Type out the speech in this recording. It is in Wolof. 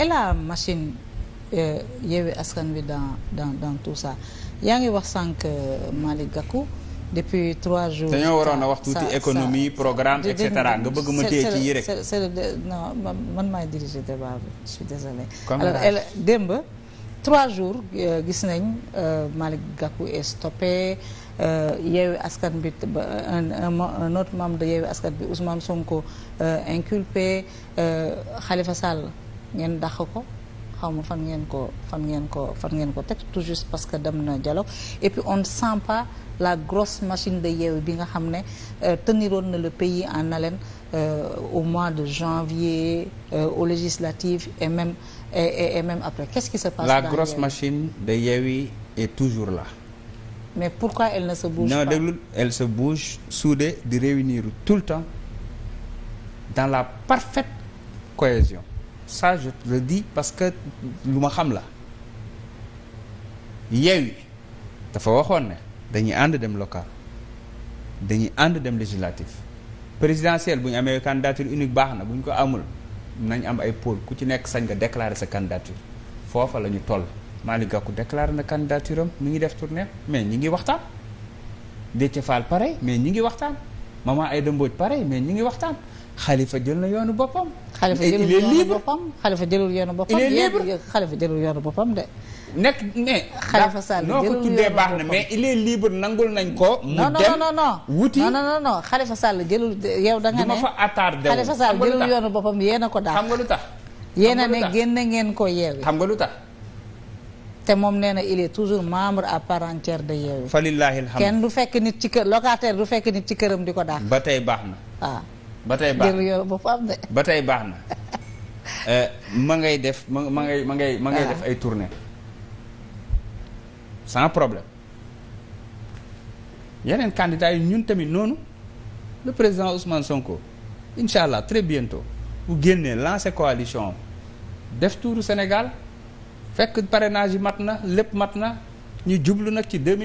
et la machine euh, Askan Wi dans dans dans tout ça yaa ngi wax sànq euh, Malick Gakou depuis trois jours. dañoo waroon a wax tuuti économie programme et cetera nga bëgg ma téye ci yi rek. non man maay diriger débat bi je suis désolé. alors démb trois jours euh, gis nañ euh, Malick Gakou est stoppé Yewwi Askan bi un autre membre de Askan bi Ousmane Sonko inculpé Khalifa Sall. ngeen dàq ko xawma fan ngeen ko fan ngeen ko fan ngeen ko teg tout juste parce que dem na dialogue et puis on ne sent pas la grosse machine de Yewwi bi nga xam ne euh, teniroon na le pays en haleine euh, au mois de janvier euh, aux législatives et même et, et, et même après qu'est-ce qui se passe la grosse machine de Yewwi est toujours la mais pourquoi elle ne sa bouge non, pas non elle se bouge soudée de réunir tout le temps dans la parfaite cohésion ça je le dis parce que lu ma xam la Yewwi dafa waxoon ne dañuy ànd dem local dañuy ànd dem législatif présidentielle bu ñu amee candidature unique baax na bu ñu ko amul nañ am ay pole ku ci nekk sañ nga déclarer sa candidature foofa la ñu toll Malick Gakou déclaré na candidature am mi ngi def tournée mais ñi ngi waxtaan Déthié Fall mais ñi ngi waxtaan maman Aïda Mbodj pareil mais ñu ngi waxtaan Khalifa jël na yoonu boppam. Khalifa jëlul yoonu boppam Khalifa jëlul yoonu boppam. il est libre Khalifa jëlul yoonu boppam de. nekk ne. Khalifa Sall jëlul yoonu boppam noo ko tuddee baax na mais il est libre nangul nañ ko. mu dem non non wuti non non non Khalifa Sall jëlul yow da nga ne. du ma fa attardé wu Khalifa Sall jëlul yoonu boppam yéen a ko daal. xam nga lu tax. yéen a ne génn ngeen ko yeewi. xam nga lu tax. te moom nee na il est toujours membre à part entière de Yewwi. fa lillahi alhamdu kenn du fekk nit ci kër locataire du fekk nit ci këram di ko daax. ba tey baax na. waaw ah. ba tey baax na ba tey baax na. Eh, ma ngay def ma ma ngay ma ngay ma ngay def ay tournée sans problème yeneen candidats yi ñun tamit noonu le président Ousmane Sonko incha allah très bientôt bu génnee lancer coalition def tuuru Sénégal. fekk parrainage yi mat na lépp mat na ñu jublu nag ci deux